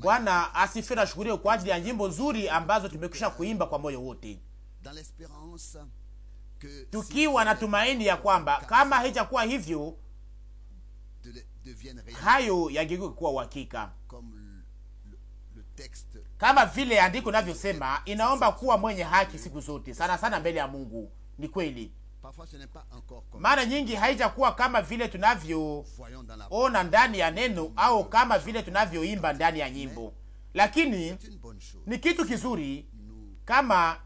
Bwana asifiwe na shukuriwe kwa ajili ya nyimbo nzuri ambazo tumekwisha kuimba kwa moyo wote, tukiwa na tumaini ya kwamba kama haijakuwa hivyo hayo yangekuwa kuwa uhakika kama vile andiko navyosema, inaomba kuwa mwenye haki siku zote, sana sana mbele ya Mungu. Ni kweli mara nyingi haijakuwa kama vile tunavyoona ndani ya neno au kama vile tunavyoimba ndani ya nyimbo, lakini ni kitu kizuri kama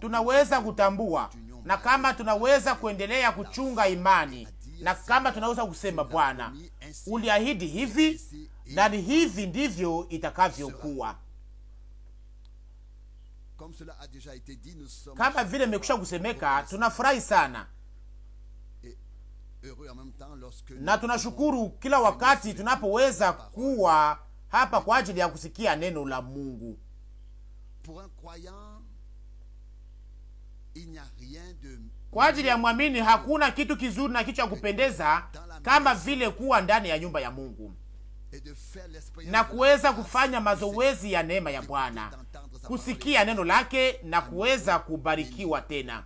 tunaweza kutambua na kama tunaweza kuendelea kuchunga imani na kama tunaweza kusema Bwana, uliahidi hivi na ni hivi ndivyo itakavyokuwa. Kama vile imekusha kusemeka, tunafurahi sana na tunashukuru kila wakati tunapoweza kuwa hapa kwa ajili ya kusikia neno la Mungu. Kwa ajili ya mwamini hakuna kitu kizuri na kitu cha kupendeza kama vile kuwa ndani ya nyumba ya Mungu na kuweza kufanya mazoezi ya neema ya Bwana kusikia neno lake na kuweza kubarikiwa tena.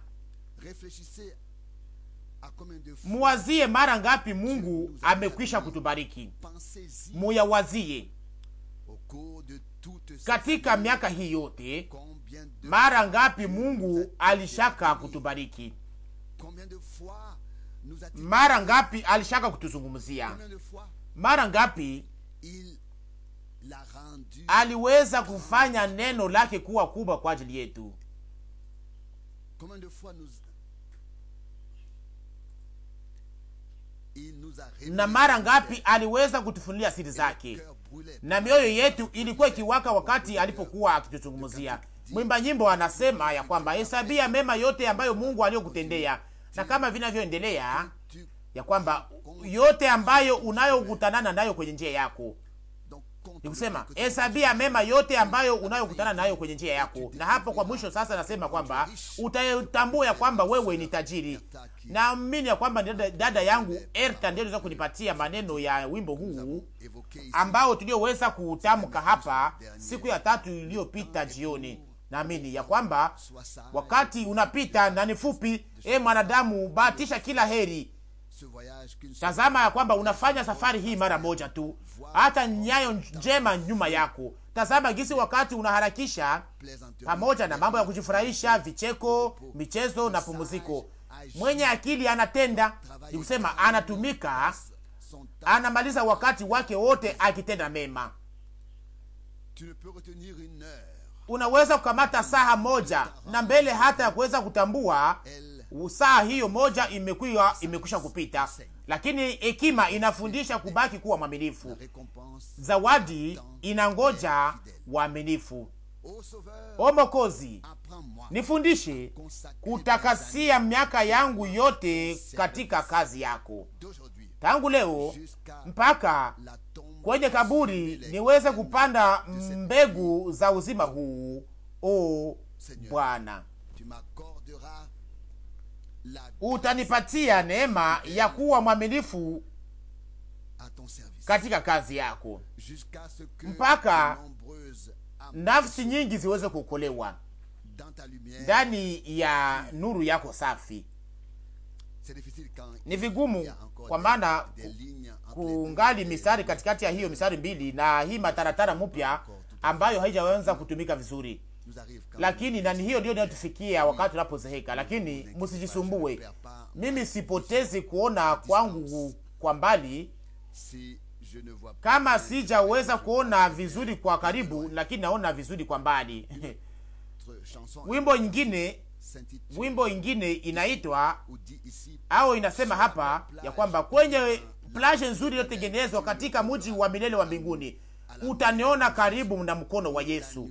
Muwazie mara ngapi Mungu amekwisha kutubariki, muyawazie katika miaka hii yote, mara ngapi Mungu alishaka kutubariki, mara ngapi alishaka kutuzungumzia, mara ngapi aliweza kufanya neno lake kuwa kubwa kwa ajili yetu. Na mara ngapi aliweza kutufunulia siri zake, na mioyo yetu ilikuwa ikiwaka wakati alipokuwa akituzungumzia. Mwimba nyimbo anasema ya kwamba hesabia mema yote ambayo Mungu aliyokutendea, na kama vinavyoendelea ya kwamba yote ambayo unayokutanana nayo kwenye njia yako ni kusema hesabia mema yote ambayo unayokutana nayo kwenye njia yako. Na hapo kwa mwisho sasa nasema kwamba utatambua ya kwamba wewe ni tajiri. Naamini ya kwamba dada, dada yangu Erta ndio anaweza kunipatia maneno ya wimbo huu ambao tulioweza kutamka hapa siku ya tatu iliyopita jioni. Naamini ya kwamba wakati unapita na ni fupi, e mwanadamu, bahatisha kila heri. Tazama ya kwamba unafanya safari hii mara moja tu hata nyayo njema nyuma yako. Tazama gisi wakati unaharakisha pamoja na mambo ya kujifurahisha, vicheko, michezo na pumuziko. Mwenye akili anatenda, ni kusema anatumika, anamaliza wakati wake wote akitenda mema. Unaweza kukamata saha moja na mbele hata ya kuweza kutambua saa hiyo moja imekuwa imekwisha kupita, lakini hekima inafundisha kubaki kuwa mwaminifu. Zawadi inangoja waaminifu. O Mokozi, nifundishe kutakasia miaka yangu yote katika kazi yako, tangu leo mpaka kwenye kaburi niweze kupanda mbegu za uzima huu. O Bwana utanipatia neema ya kuwa mwaminifu katika kazi yako mpaka nafsi nyingi ziweze kuokolewa ndani ya nuru yako safi. Ni vigumu kwa maana kungali mistari katikati ya hiyo mistari mbili na hii mataratara mpya ambayo haijaweza kutumika vizuri lakini nani, hiyo ndio inayotufikia wakati unapozeheka Lakini msijisumbue, mimi sipotezi kuona kwangu kwa mbali kama sijaweza kuona vizuri kwa karibu, lakini naona vizuri kwa mbali. Wimbo ingine wimbo ingine inaitwa au inasema hapa ya kwamba kwenye plage nzuri iliyotengenezwa katika mji wa milele wa mbinguni, utaniona karibu na mkono wa Yesu,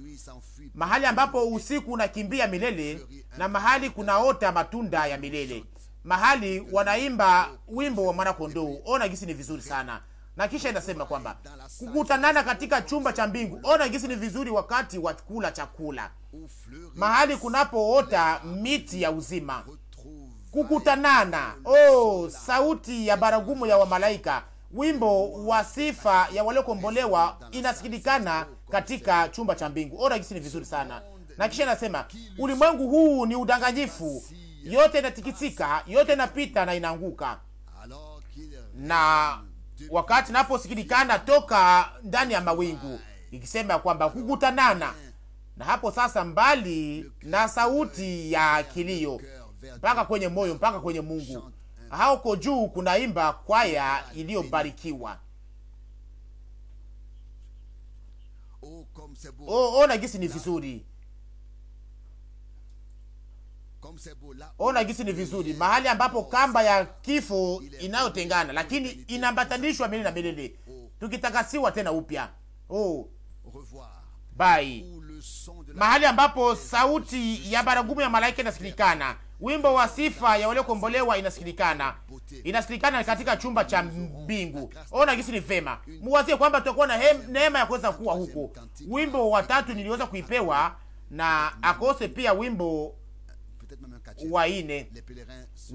mahali ambapo usiku unakimbia milele na mahali kunaota matunda ya milele, mahali wanaimba wimbo wa mwanakondoo. Ona gisi ni vizuri sana. Na kisha inasema kwamba kukutanana katika chumba cha mbingu. Ona gisi ni vizuri wakati wa kula chakula, mahali kunapoota miti ya uzima kukutanana. Oh, sauti ya baragumu ya wamalaika wimbo wa sifa ya waliokombolewa inasikilikana katika chumba cha mbingu. Ora gisi ni vizuri sana. Na kisha nasema ulimwengu huu ni udanganyifu, yote inatikitika, yote inapita na inaanguka. Na wakati naposikilikana toka ndani ya mawingu ikisema kwamba kukutanana na hapo sasa, mbali na sauti ya kilio mpaka kwenye moyo mpaka kwenye Mungu hauko juu kunaimba kwaya iliyobarikiwa. Oh, ona gisi ni vizuri, ona gisi ni vizuri, mahali ambapo kamba ya kifo inayotengana, lakini inambatanishwa milele na milele, tukitakasiwa tena upya. Oh, bai, mahali ambapo sauti ya baragumu ya malaika inasikilikana Wimbo wa sifa ya waliokombolewa inasikilikana, inasikilikana katika chumba cha mbingu. Ona gisi ni vema, muwazie kwamba tutakuwa na neema ya kuweza kuwa huko. Wimbo wa tatu niliweza kuipewa na akose pia wimbo wa ine,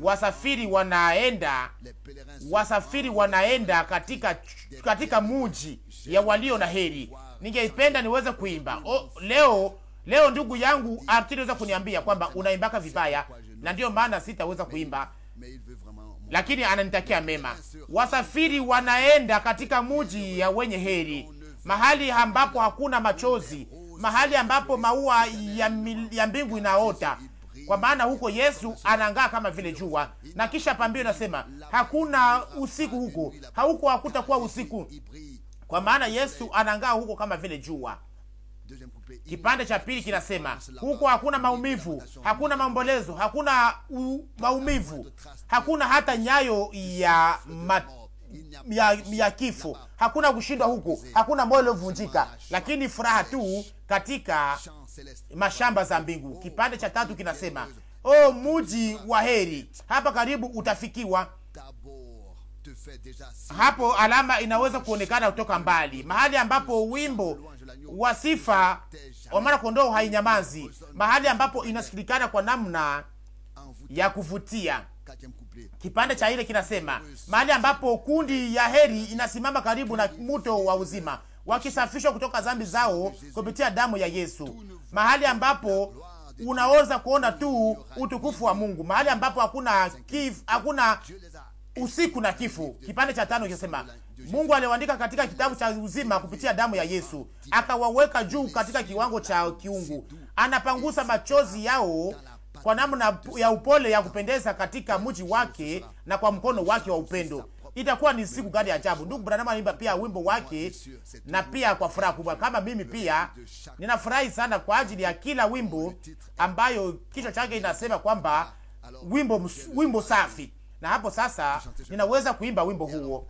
wasafiri wanaenda, wasafiri wanaenda katika, katika muji ya walio na heri. Ningeipenda niweze kuimba o, leo Leo ndugu yangu Arturi weza kuniambia kwamba unaimbaka vibaya, na ndiyo maana sitaweza kuimba, lakini ananitakia mema. Wasafiri wanaenda katika muji ya wenye heri, mahali ambapo hakuna machozi, mahali ambapo maua ya, ya mbingu inaota, kwa maana huko Yesu anangaa kama vile jua. Na kisha pambio nasema hakuna usiku huko, hauko hakutakuwa usiku, kwa maana Yesu anangaa huko kama vile jua. Kipande cha pili kinasema huko hakuna maumivu, hakuna maombolezo, hakuna u, maumivu, hakuna hata nyayo ya, ma, ya, ya kifo, hakuna kushindwa huko, hakuna moyo uliovunjika, lakini furaha tu katika mashamba za mbingu. Kipande cha tatu kinasema o, muji wa heri, hapa karibu utafikiwa hapo alama inaweza kuonekana kutoka mbali, mahali ambapo wimbo wa sifa wa mara kondoo hainyamazi, mahali ambapo inasikilikana kwa namna ya kuvutia. Kipande cha ile kinasema mahali ambapo kundi ya heri inasimama karibu na mto wa uzima, wakisafishwa kutoka dhambi zao kupitia damu ya Yesu, mahali ambapo unaweza kuona tu utukufu wa Mungu, mahali ambapo hakuna kif, hakuna usiku na kifo. Kipande cha tano kinasema Mungu aliwaandika katika kitabu cha uzima kupitia damu ya Yesu, akawaweka juu katika kiwango cha kiungu. Anapangusa machozi yao kwa namna ya upole ya kupendeza katika mji wake na kwa mkono wake wa upendo. Itakuwa ni siku gani ajabu! Ndugu Branham anaimba pia wimbo wake, na pia kwa furaha kubwa. Kama mimi pia ninafurahi sana kwa ajili ya kila wimbo ambayo kichwa chake inasema kwamba wimbo, wimbo safi na hapo sasa ninaweza kuimba wimbo huo,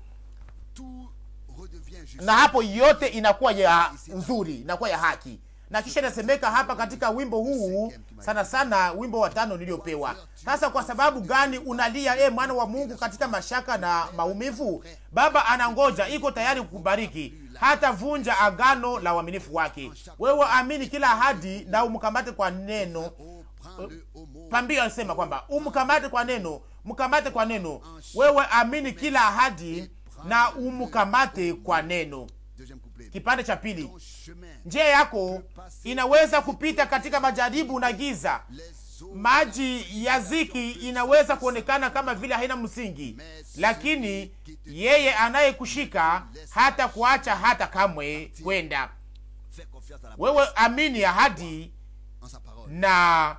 na hapo yote inakuwa ya nzuri, inakuwa ya haki. Na kisha inasemeka hapa katika wimbo huu sana sana, wimbo wa tano niliyopewa sasa. Kwa sababu gani unalia, e mwana wa Mungu, katika mashaka na maumivu? Baba anangoja, iko tayari kukubariki, hata vunja agano la uaminifu wake. Wewe amini kila ahadi na umkamate kwa neno Pambio anasema kwamba umkamate kwa neno, mkamate kwa neno. Wewe amini kila ahadi na umkamate kwa neno. Kipande cha pili, njia yako inaweza kupita katika majaribu na giza. Maji ya ziki inaweza kuonekana kama vile haina msingi, lakini yeye anayekushika hata kuacha hata kamwe kwenda. Wewe amini ahadi na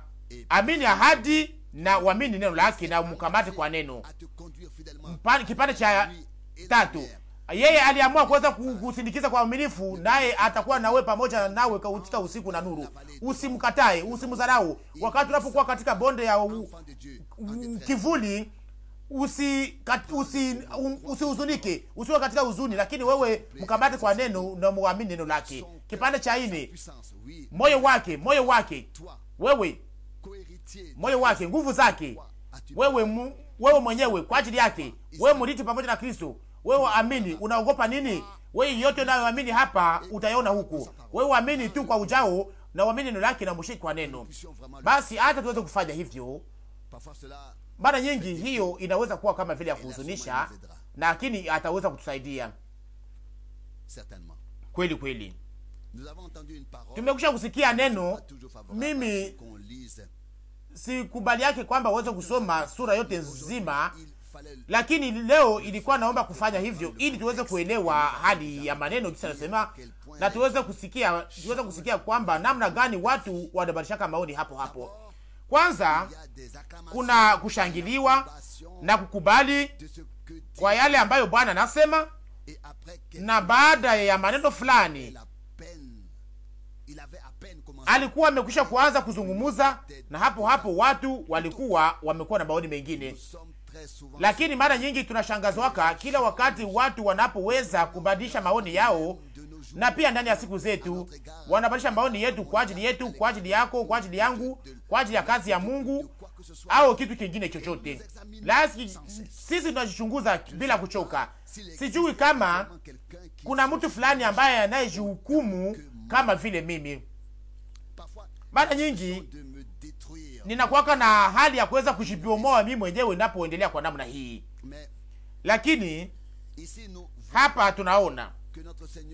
amini ahadi na uamini neno lake na mkamate kwa neno. Kipande cha tatu, yeye aliamua kuweza kusindikiza kwa uaminifu, naye atakuwa nawe pamoja nawe katika usiku na nuru. Usimkatae, usimdharau wakati unapokuwa katika bonde ya u, u, kivuli kat, usi, um, usihuzunike usiwe katika huzuni, lakini wewe mkamate kwa neno na muamini neno lake. Kipande cha ine moyo wake, moyo wake wewe moyo wake, nguvu zake, wewe mu, wewe mwenyewe kwa ajili yake, wewe mrithi pamoja na Kristo, wewe amini. Unaogopa nini? Wewe yote unayoamini hapa utayona huku. Wewe amini tu kwa ujao na uamini neno lake na mshiki kwa neno. Basi hata tuweze kufanya hivyo. Mara nyingi hiyo inaweza kuwa kama vile ya kuhuzunisha, lakini ataweza kutusaidia kweli kweli. Tumekusha kusikia neno mimi sikubali yake kwamba uweze kusoma sura yote nzima, lakini leo ilikuwa naomba kufanya hivyo ili tuweze kuelewa hali ya maneno kisa nasema, na tuweze kusikia tuweze kusikia kwamba namna gani watu wanabadilishaka maoni hapo hapo. Kwanza kuna kushangiliwa na kukubali kwa yale ambayo Bwana anasema, na baada ya maneno fulani alikuwa amekwisha kuanza kuzungumuza, na hapo hapo watu walikuwa wamekuwa na maoni mengine. Lakini mara nyingi tunashangazwaka kila wakati watu wanapoweza kubadilisha maoni yao, na pia ndani ya siku zetu wanabadilisha maoni yetu kwa ajili yetu, kwa ajili yako, kwa ajili yangu, kwa ajili ya kazi ya Mungu au kitu kingine chochote. Lazima sisi tunajichunguza bila kuchoka. Sijui kama kuna mtu fulani ambaye anayejihukumu kama vile mimi mara nyingi ninakuwaka na hali ya kuweza kujibomoa mimi mwenyewe ninapoendelea kwa namna hii, lakini hapa tunaona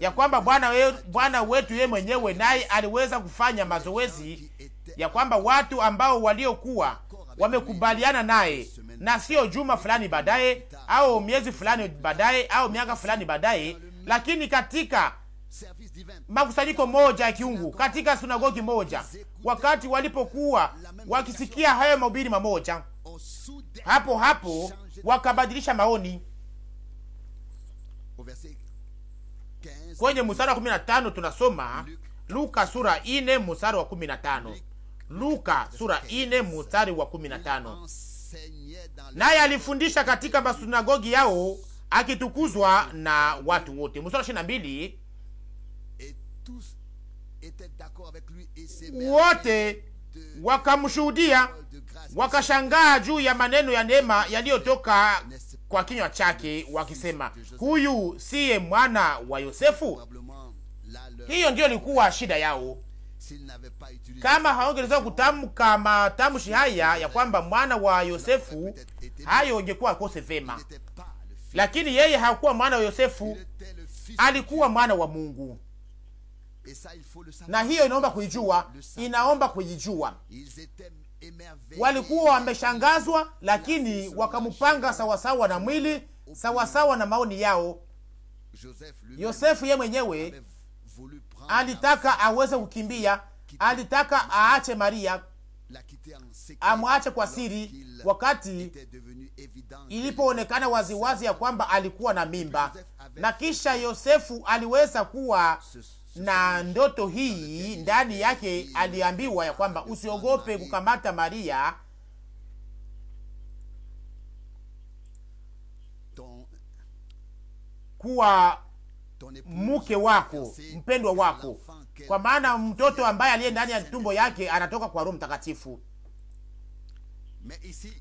ya kwamba Bwana we, Bwana wetu yeye mwenyewe naye aliweza kufanya mazoezi ya kwamba watu ambao waliokuwa wamekubaliana naye na sio juma fulani baadaye au miezi fulani baadaye au miaka fulani baadaye, lakini katika makusanyiko moja ya kiungu katika sunagogi moja, wakati walipokuwa wakisikia hayo mahubiri mamoja, hapo hapo wakabadilisha maoni. Kwenye mstari wa 15 tunasoma Luka sura ine mstari wa 15. Luka sura ine mstari wa 15. Naye alifundisha katika masunagogi yao akitukuzwa na watu wote. Mstari wa 22 wote wakamshuhudia, wakashangaa juu ya maneno ya neema yaliyotoka kwa kinywa chake, wakisema huyu siye mwana wa Yosefu? Hiyo ndiyo ilikuwa shida yao. Kama haongeweza kutamka matamshi haya ya kwamba mwana wa Yosefu, hayo ingekuwa akose vema, lakini yeye hakuwa mwana wa Yosefu, alikuwa mwana wa Mungu na hiyo inaomba kuijua, inaomba kuijua. Walikuwa wameshangazwa, lakini wakamupanga sawasawa na mwili, sawasawa na maoni yao. Yosefu ye mwenyewe alitaka aweze kukimbia, alitaka aache Maria amwache kwa siri, wakati ilipoonekana waziwazi ya kwamba alikuwa na mimba, na kisha Yosefu aliweza kuwa na ndoto hii ndani yake aliambiwa ya kwamba usiogope kukamata Maria kuwa mke wako mpendwa wako, kwa maana mtoto ambaye aliye ndani ya tumbo yake anatoka kwa Roho Mtakatifu.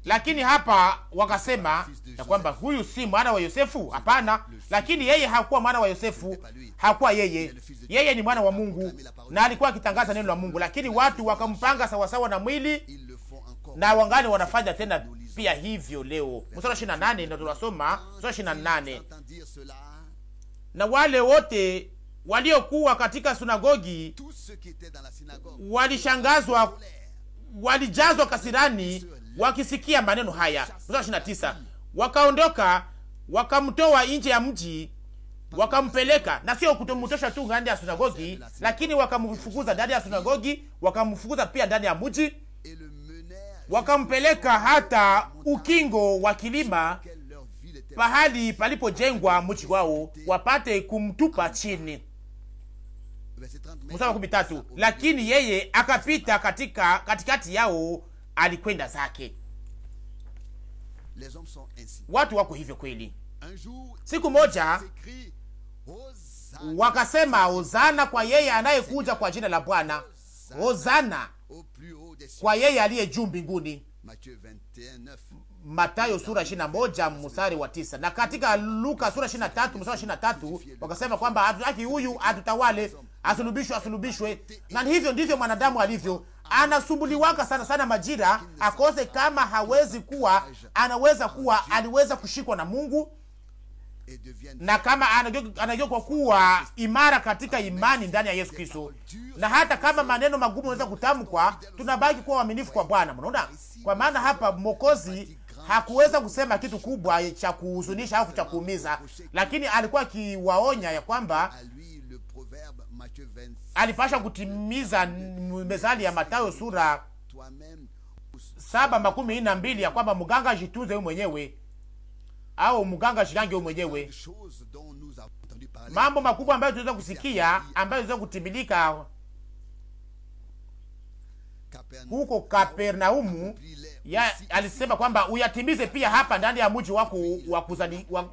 Lakini hapa wakasema ya kwamba huyu si mwana wa Yosefu. Hapana, lakini yeye hakuwa mwana wa Yosefu, hakuwa yeye. Yeye ni mwana wa Mungu na alikuwa akitangaza neno la Mungu, lakini watu wakampanga sawasawa na mwili, na wangali wanafanya tena pia hivyo leo. Mstari ishirini na nane ndio tunasoma, mstari ishirini na nane na wale wote waliokuwa katika sunagogi walishangazwa, walijazwa kasirani wakisikia maneno haya. Mstari wakaondoka wakamtoa nje ya mji wakampeleka, na sio kutomtosha tu ndani ya sinagogi, lakini wakamfukuza ndani ya sinagogi, wakamfukuza pia ndani ya mji, wakampeleka hata ukingo wa kilima pahali palipojengwa mji wao, wapate kumtupa chini. Mstari wa lakini yeye akapita katika katikati yao alikwenda zake. Watu wako hivyo kweli. Siku moja wakasema, hozana kwa yeye anayekuja kwa jina la Bwana, hozana kwa yeye aliye juu mbinguni. Matayo sura ishirini na moja mstari wa tisa na katika Luka sura ishirini na tatu mstari wa ishirini na tatu wakasema kwamba hatutaki huyu atutawale, asulubishwe, asulubishwe. Na hivyo ndivyo mwanadamu alivyo, anasumbuliwaka sana sana majira akose, kama hawezi kuwa anaweza kuwa aliweza kushikwa na Mungu na kama anajua kwa kuwa imara katika imani ndani ya Yesu Kristo, na hata kama maneno magumu yanaweza kutamkwa, tunabaki kuwa waaminifu kwa Bwana. Mnaona, kwa maana hapa Mwokozi hakuweza kusema kitu kubwa cha kuhuzunisha au cha kuumiza, lakini alikuwa akiwaonya ya kwamba alipasha kutimiza mezali ya Matayo sura saba makumi ine na mbili ya kwamba mganga ajitunze huyu mwenyewe au mganga ajilange huyu mwenyewe. Mambo makubwa ambayo tunaweza kusikia ambayo tunaweza kutimilika huko Kapernaumu ya, alisema kwamba uyatimize pia hapa ndani ya mji wako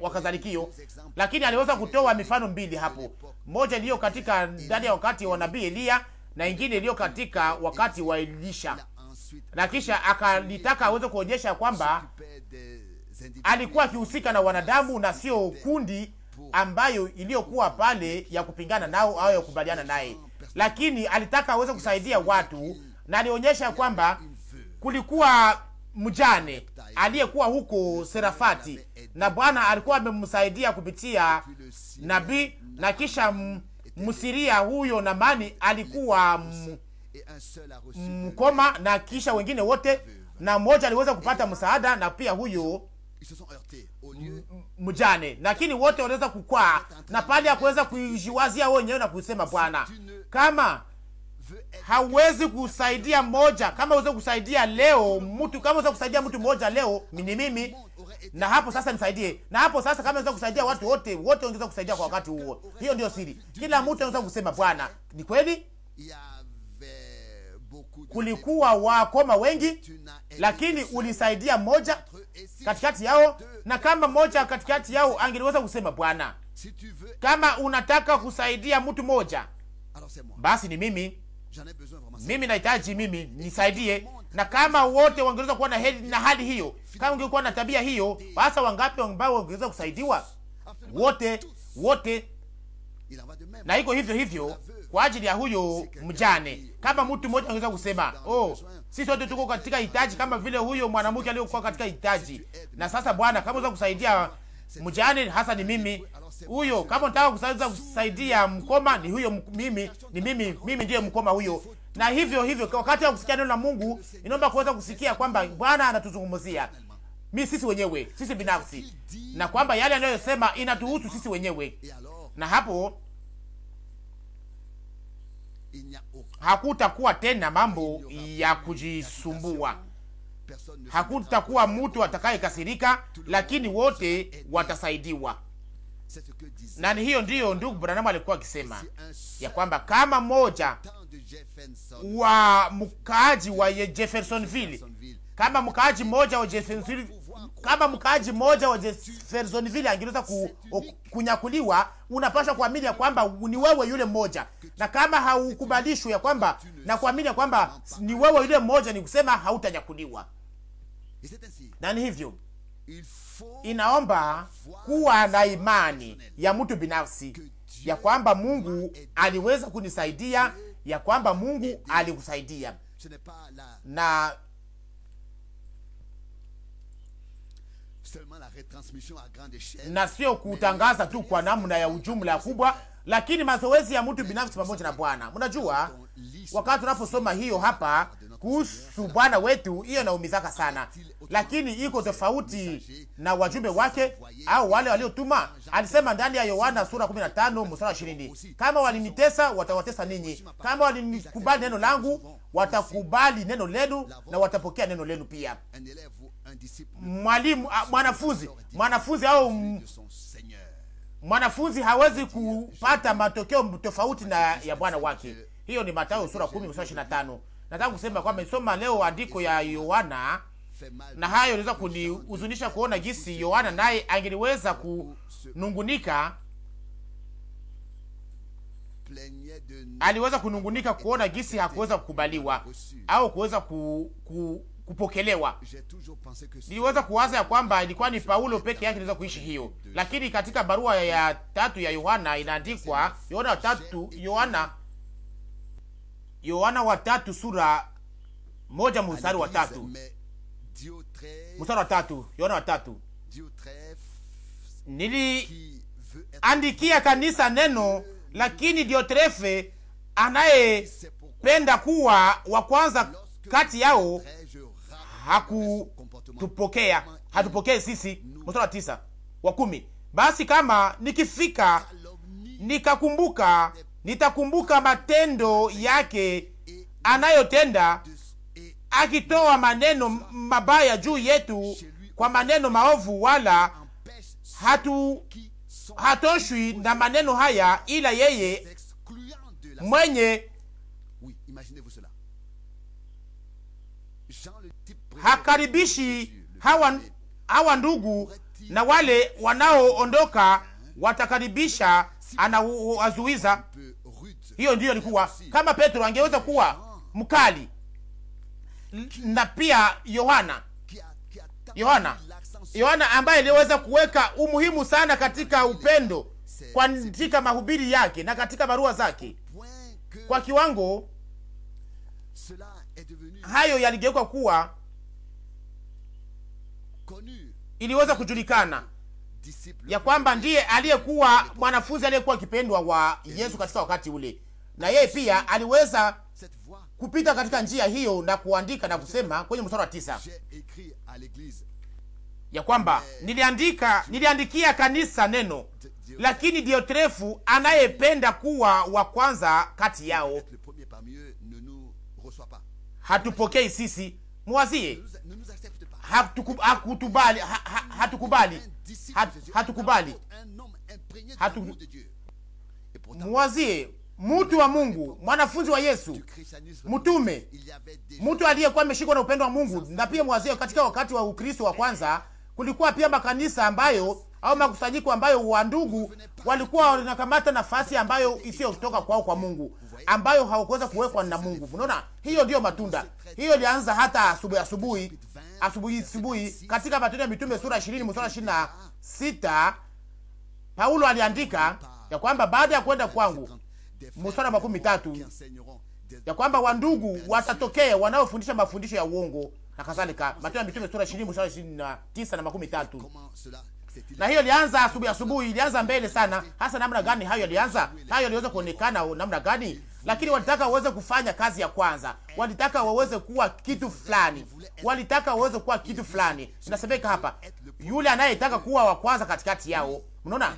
wa kazalikio, lakini aliweza kutoa mifano mbili hapo, moja iliyo katika ndani ya wakati wa nabii Eliya na ingine iliyo katika wakati wa Elisha, na kisha akalitaka aweze kuonyesha kwamba alikuwa akihusika na wanadamu na sio kundi ambayo iliyokuwa pale ya kupingana nao au ya kukubaliana naye, lakini alitaka aweze kusaidia watu na alionyesha kwamba kulikuwa mjane aliyekuwa huko Serafati na Bwana alikuwa amemsaidia kupitia nabii, na kisha msiria huyo Namani alikuwa mkoma, na kisha wengine wote, na mmoja aliweza kupata msaada, na pia huyo mjane, lakini wote waliweza kukwaa na pale ya kuweza kujiwazia wenyewe na kusema Bwana, kama hauwezi kusaidia moja kama uweze kusaidia leo mtu, kama uweze kusaidia mtu mmoja leo ni mimi, na hapo sasa nisaidie, na hapo sasa, kama uweze kusaidia watu wote wote, ungeweza kusaidia kwa wakati huo. Hiyo ndio siri. Kila mtu anaweza kusema Bwana, ni kweli kulikuwa wakoma wengi, lakini ulisaidia moja katikati yao, na kama moja katikati yao angeliweza kusema Bwana, kama unataka kusaidia mtu moja, basi ni mimi mimi nahitaji mimi nisaidie. Na kama wote wangeweza kuwa na, na hali hiyo, kama ungekuwa na tabia hiyo, hasa wangapi ambao wangeweza kusaidiwa? Wote, wote. Na iko hivyo hivyo kwa ajili ya huyo mjane. Kama mtu mmoja angeweza kusema oh, sisi wote tuko katika hitaji kama vile huyo mwanamke aliyokuwa katika hitaji. Na sasa Bwana, kama unaweza kusaidia mjane, hasa ni mimi, huyo. Kama nataka kusaidia kusaidia mkoma, ni huyo mimi, ni mimi, mimi ndiye mkoma huyo. Na hivyo hivyo, wakati wa kusikia neno la Mungu, inaomba kuweza kusikia kwamba Bwana anatuzungumzia mi sisi wenyewe, sisi binafsi, na kwamba yale anayosema inatuhusu sisi wenyewe, na hapo hakutakuwa tena mambo ya kujisumbua, hakutakuwa mtu atakayekasirika, lakini wote watasaidiwa na ni hiyo ndiyo ndugu Branham alikuwa akisema ya kwamba kama moja wa mkaaji wa Jeffersonville, kama mkaaji moja wa Jeffersonville, kama mkaaji moja wa Jeffersonville angeweza ku, kunyakuliwa, unapaswa kuamini ya kwamba ni wewe yule mmoja, na kama haukubalishwi ya kwamba na kuamini ya kwamba ni wewe yule mmoja, ni kusema hautanyakuliwa. Na ni hivyo inaomba kuwa na imani ya mtu binafsi ya kwamba Mungu aliweza kunisaidia, ya kwamba Mungu alikusaidia na na sio kutangaza tu kwa namna ya ujumla kubwa, lakini mazoezi ya mtu binafsi pamoja na Bwana. Mnajua, wakati tunaposoma hiyo hapa, kuhusu Bwana wetu, hiyo naumizaka sana, lakini iko tofauti na wajumbe wake au wale waliotuma. Alisema ndani ya Yohana sura 15 mstari 20, kama walinitesa watawatesa ninyi, kama walinikubali neno langu watakubali neno lenu na watapokea neno lenu pia. Mwalimu, mwanafunzi, mwanafunzi au mwanafunzi hawezi kupata matokeo tofauti na ya bwana wake. Hiyo ni Mathayo sura 10 mstari 25. Nataka kusema kwamba nisoma leo andiko ya Yohana na hayo iliweza kunihuzunisha kuona jinsi Yohana naye angeliweza kunungunika, aliweza kunungunika kuona jinsi hakuweza kukubaliwa au kuweza ku, ku, kupokelewa. Niliweza kuwaza ya kwamba ilikuwa ni Paulo peke yake anaweza kuishi hiyo, lakini katika barua ya tatu ya Yohana inaandikwa Yohana tatu Yohana Yohana wa tatu sura moja mstari wa tatu mstari wa tatu Yohana wa tatu niliandikia kanisa neno, lakini Diotrefe anayependa kuwa wa kwanza kati yao hakutupokea, hatupokee sisi. Mstari wa tisa wa kumi basi kama nikifika nikakumbuka nitakumbuka matendo yake anayotenda, akitoa maneno mabaya juu yetu kwa maneno maovu, wala hatu hatoshwi na maneno haya, ila yeye mwenye hakaribishi hawa, hawa ndugu na wale wanaoondoka watakaribisha, anawazuiza hiyo ndiyo ilikuwa. Kama Petro angeweza kuwa ah. mkali, na pia Yohana Yohana Yohana ambaye aliweza kuweka umuhimu sana katika upendo katika mahubiri yake na katika barua zake, kwa kiwango hayo yaligeuka kuwa iliweza kujulikana ya kwamba ndiye aliyekuwa mwanafunzi aliyekuwa kipendwa wa Yesu katika wakati ule na yeye pia aliweza kupita katika njia hiyo na kuandika na kusema kwenye mstari wa tisa ya kwamba niliandika, niliandikia kanisa neno, lakini Diotrefu anayependa kuwa wa kwanza kati yao hatupokei sisi. Mwazie, hatukubali, hatukubali, hatukubali, mwazie mtu wa Mungu, mwanafunzi wa Yesu, mtume, mtu aliyekuwa ameshikwa na upendo wa Mungu. Na pia mwazie, katika wakati wa Ukristo wa kwanza kulikuwa pia makanisa ambayo au makusanyiko ambayo wandugu walikuwa wanakamata nafasi ambayo isiyotoka kwao kwa Mungu, ambayo hawakuweza kuwekwa na Mungu. Unaona, hiyo ndiyo matunda. Hiyo ilianza hata asubuhi asubuhi asubuhi asubuhi. Katika Matendo ya Mitume sura 20 mstari 26 Paulo aliandika ya kwamba baada ya kwenda kwangu mstari wa makumi tatu ya kwamba wandugu watatokea wanaofundisha mafundisho ya uongo na kadhalika. Matendo ya Mitume sura 20 mstari 29 na makumi tatu. Na hiyo ilianza asubuhi asubuhi, ilianza mbele sana. Hasa namna gani hayo yalianza? Hayo yaliweza kuonekana namna gani? Lakini walitaka waweze kufanya kazi ya kwanza, walitaka waweze kuwa kitu fulani, walitaka waweze kuwa kitu fulani. Inasemeka hapa, yule anayetaka kuwa wa kwanza katikati yao, mnaona,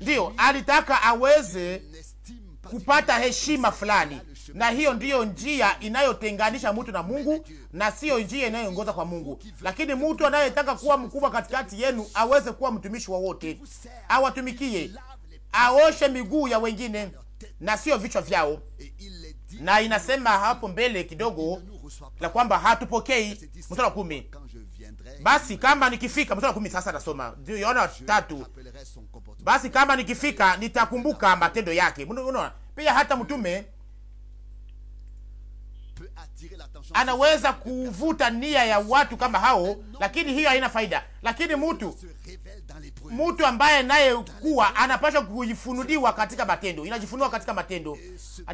ndiyo alitaka aweze kupata heshima fulani, na hiyo ndiyo njia inayotenganisha mtu na Mungu na siyo njia inayoongoza kwa Mungu. Lakini mtu anayetaka kuwa mkubwa katikati yenu aweze kuwa mtumishi wa wote, awatumikie, aoshe miguu ya wengine na siyo vichwa vyao. Na inasema hapo mbele kidogo la kwamba hatupokei. Mstari wa kumi, basi kama nikifika. Mstari wa kumi sasa nasoma Yohana tatu basi kama nikifika nitakumbuka matendo yake. Unaona, pia hata mtume anaweza kuvuta nia ya watu kama hao, lakini hiyo haina faida. Lakini mtu mtu ambaye naye kuwa anapaswa kujifunuliwa katika matendo, inajifunua katika matendo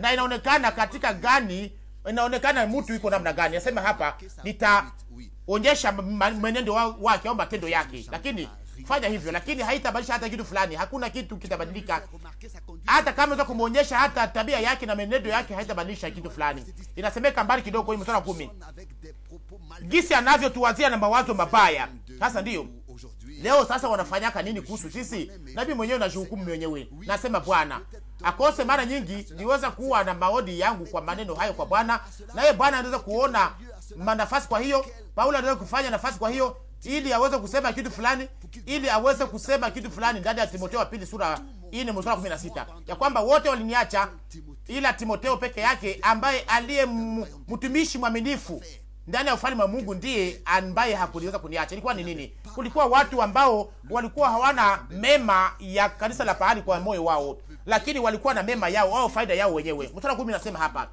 na inaonekana katika gani, inaonekana mtu yuko namna gani. Nasema hapa nitaonyesha mwenendo wake au matendo yake, lakini fanya hivyo, lakini haitabadilisha hata kitu fulani. Hakuna kitu kitabadilika, hata kama unaweza kumuonyesha hata tabia yake na menendo yake, haitabadilisha kitu fulani. Inasemeka mbali kidogo kwenye mstari wa kumi, gisi anavyotuwazia na mawazo mabaya. Sasa ndiyo leo sasa wanafanyaka nini kuhusu sisi? Nabii mwenyewe najihukumu mwenyewe, nasema Bwana akose mara nyingi niweza kuwa na maodi yangu kwa maneno hayo kwa Bwana, naye Bwana anaweza kuona manafasi, kwa hiyo Paulo anaweza kufanya nafasi, kwa hiyo ili aweze kusema kitu fulani, ili aweze kusema kitu fulani ndani ya Timotheo wa pili sura ine mstari 16 ya kwamba wote waliniacha ila Timotheo peke yake, ambaye aliye mtumishi mwaminifu ndani ya ufalme wa Mungu ndiye ambaye hakuliweza kuniacha. Ilikuwa ni nini? Kulikuwa watu ambao walikuwa hawana mema ya kanisa la pahali kwa moyo wao, lakini walikuwa na mema yao au faida yao wenyewe. Mstari kumi nasema hapa,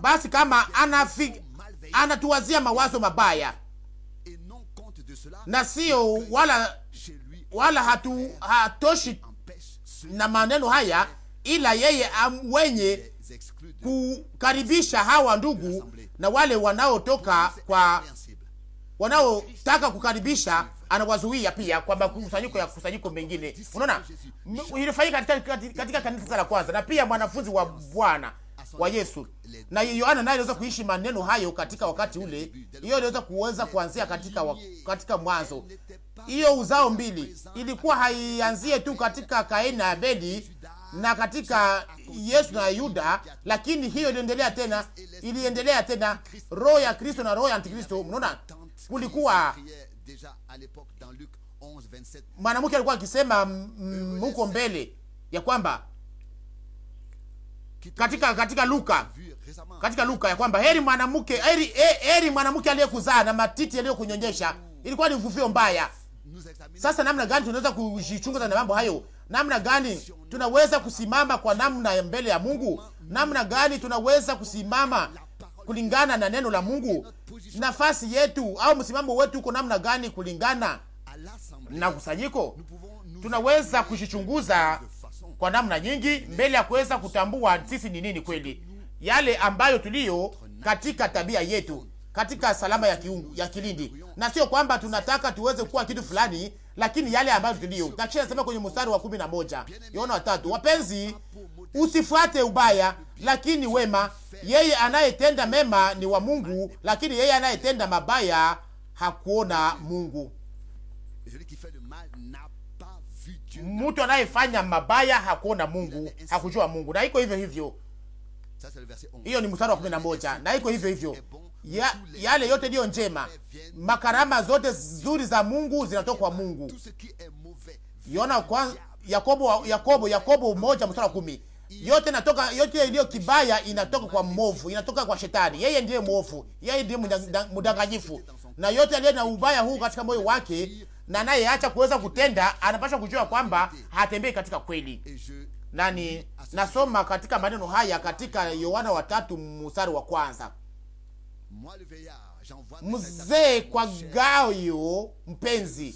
basi kama anafi anatuwazia mawazo mabaya na sio wala wala hatu hatoshi na maneno haya, ila yeye amwenye kukaribisha hawa ndugu na wale wanaotoka kwa wanaotaka kukaribisha anawazuia pia kwa makusanyiko ya kusanyiko mengine. Unaona ilifanyika katika, katika kanisa la kwanza na pia mwanafunzi wa Bwana wa Yesu, na Yohana naye aliweza kuishi maneno hayo katika wakati ule. Hiyo iliweza kuweza kuanzia katika, wa, katika mwanzo. Hiyo uzao mbili ilikuwa haianzie tu katika Kaini na Abeli na katika Yesu na Yuda, lakini hiyo iliendelea tena, iliendelea tena, roho ya Kristo na roho ya Antikristo. Mnaona, kulikuwa mwanamke alikuwa akisema huko mbele ya kwamba katika katika Luka, katika Luka ya kwamba heri mwanamke heri, heri mwanamke aliyekuzaa na matiti aliyokunyonyesha. Ilikuwa ni uvuvio mbaya. Sasa namna gani tunaweza kujichunguza na mambo hayo? Namna gani tunaweza kusimama kwa namna ya mbele ya Mungu? Namna gani tunaweza kusimama kulingana na neno la Mungu? Nafasi yetu au msimamo wetu uko namna gani kulingana na kusanyiko? Tunaweza kujichunguza kwa namna nyingi mbele ya kuweza kutambua sisi ni nini kweli, yale ambayo tuliyo katika tabia yetu katika salama ya kiungu ya kilindi, na sio kwamba tunataka tuweze kuwa kitu fulani, lakini yale ambayo tulio. Na kisha nasema kwenye mstari wa 11 Yohana watatu, wapenzi, usifuate ubaya, lakini wema. Yeye anayetenda mema ni wa Mungu, lakini yeye anayetenda mabaya hakuona Mungu. mtu anayefanya mabaya hakuona Mungu, hakujua Mungu, na iko hivyo hivyo. Hiyo ni mstari wa kumi na moja na iko hivyo hivyo eh, ya, yale yote ndiyo njema, makarama zote nzuri za Mungu zinatoka kwa Mungu. Yona kwa Yakobo, Yakobo, Yakobo moja mstari wa kumi yote inatoka, yote iliyo kibaya inatoka kwa mwovu, inatoka kwa Shetani. Yeye ndiye mwovu, yeye ndiye mudanganyifu na yote aliye na ubaya huu katika moyo wake na anayeacha kuweza kutenda anapaswa kujua kwamba hatembei katika kweli. Nani nasoma katika maneno haya katika Yohana wa tatu mstari wa kwanza mzee kwa Gayo mpenzi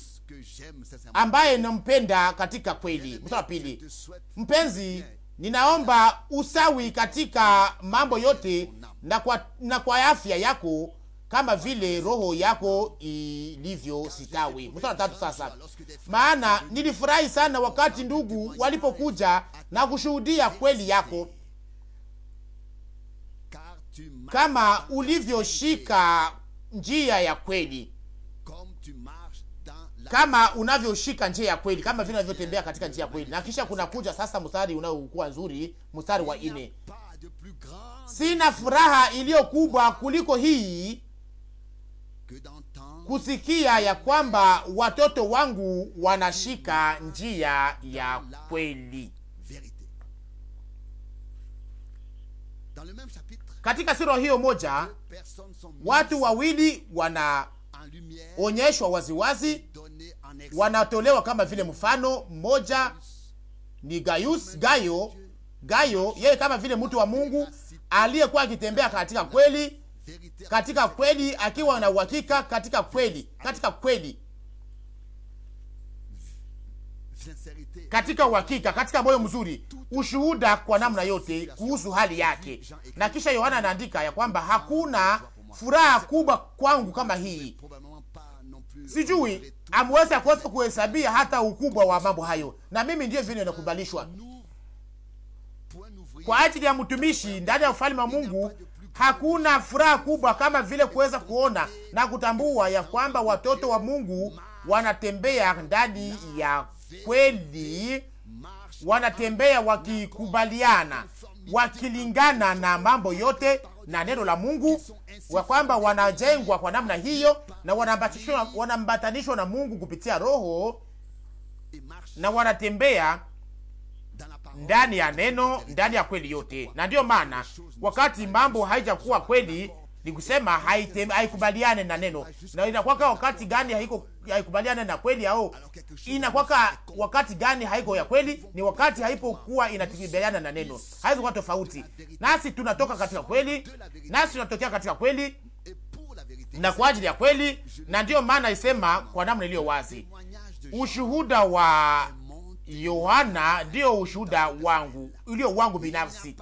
ambaye nampenda katika kweli. Mstari wa pili, mpenzi, ninaomba usawi katika mambo yote na kwa, na kwa afya yako kama vile roho yako ilivyo sitawi. Mstari tatu. Sasa maana nilifurahi sana wakati ndugu walipokuja na kushuhudia kweli yako, kama ulivyoshika njia ya kweli, kama unavyoshika njia ya kweli, kama vile unavyotembea katika njia ya kweli. Na kisha kuna kuja sasa mstari unaokuwa nzuri, mstari wa ine: sina furaha iliyo kubwa kuliko hii kusikia ya kwamba watoto wangu wanashika njia ya kweli. Katika sura hiyo moja watu wawili wanaonyeshwa waziwazi, wanatolewa kama vile mfano. Mmoja ni Gayus, Gayo, Gayo yeye kama vile mtu wa Mungu aliyekuwa akitembea katika kweli katika kweli, akiwa na uhakika katika kweli, katika kweli, katika uhakika, katika moyo mzuri, ushuhuda kwa namna yote kuhusu hali yake. Na kisha Yohana anaandika ya kwamba hakuna furaha kubwa kwangu kama hii. Sijui ameweza kuweza kuhesabia hata ukubwa wa mambo hayo, na mimi ndiyo vile inakubalishwa kwa ajili ya mtumishi ndani ya ufalme wa Mungu. Hakuna furaha kubwa kama vile kuweza kuona na kutambua ya kwamba watoto wa Mungu wanatembea ndani ya kweli, wanatembea wakikubaliana, wakilingana na mambo yote na neno la Mungu, wa kwamba wanajengwa kwa namna hiyo na wanambatanishwa na Mungu kupitia Roho na wanatembea ndani ya neno, ndani ya kweli yote. Na ndiyo maana wakati mambo haijakuwa kweli ni kusema haikubaliane na neno, na inakwaka wakati gani haiko haikubaliane na kweli, au inakwaka wakati gani haiko ya kweli? Ni wakati haipokuwa inakubaliana na neno, haizo kwa tofauti. Nasi tunatoka katika kweli, nasi tunatokea katika kweli na kwa ajili ya kweli, na ndiyo maana isema kwa namna iliyo wazi ushuhuda wa Yohana ndiyo ushuhuda wangu ulio wangu binafsi.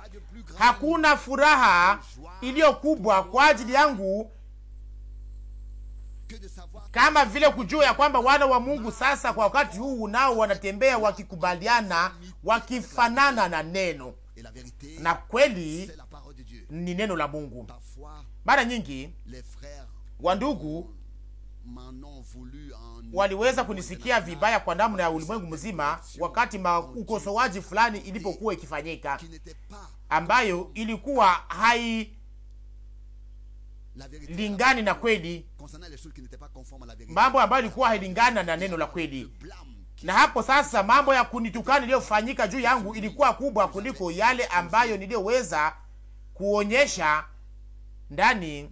Hakuna furaha iliyo kubwa kwa ajili yangu kama vile kujua ya kwamba wana wa Mungu sasa kwa wakati huu nao wanatembea wakikubaliana, wakifanana na neno na kweli ni neno la Mungu. Mara nyingi wandugu waliweza kunisikia vibaya kwa namna ya ulimwengu mzima, wakati ukosoaji fulani ilipokuwa ikifanyika, ambayo ilikuwa hai lingani na kweli, mambo ambayo ilikuwa hailingana na neno la kweli. Na hapo sasa, mambo ya kunitukana iliyofanyika juu yangu ilikuwa kubwa kuliko yale ambayo niliyoweza kuonyesha ndani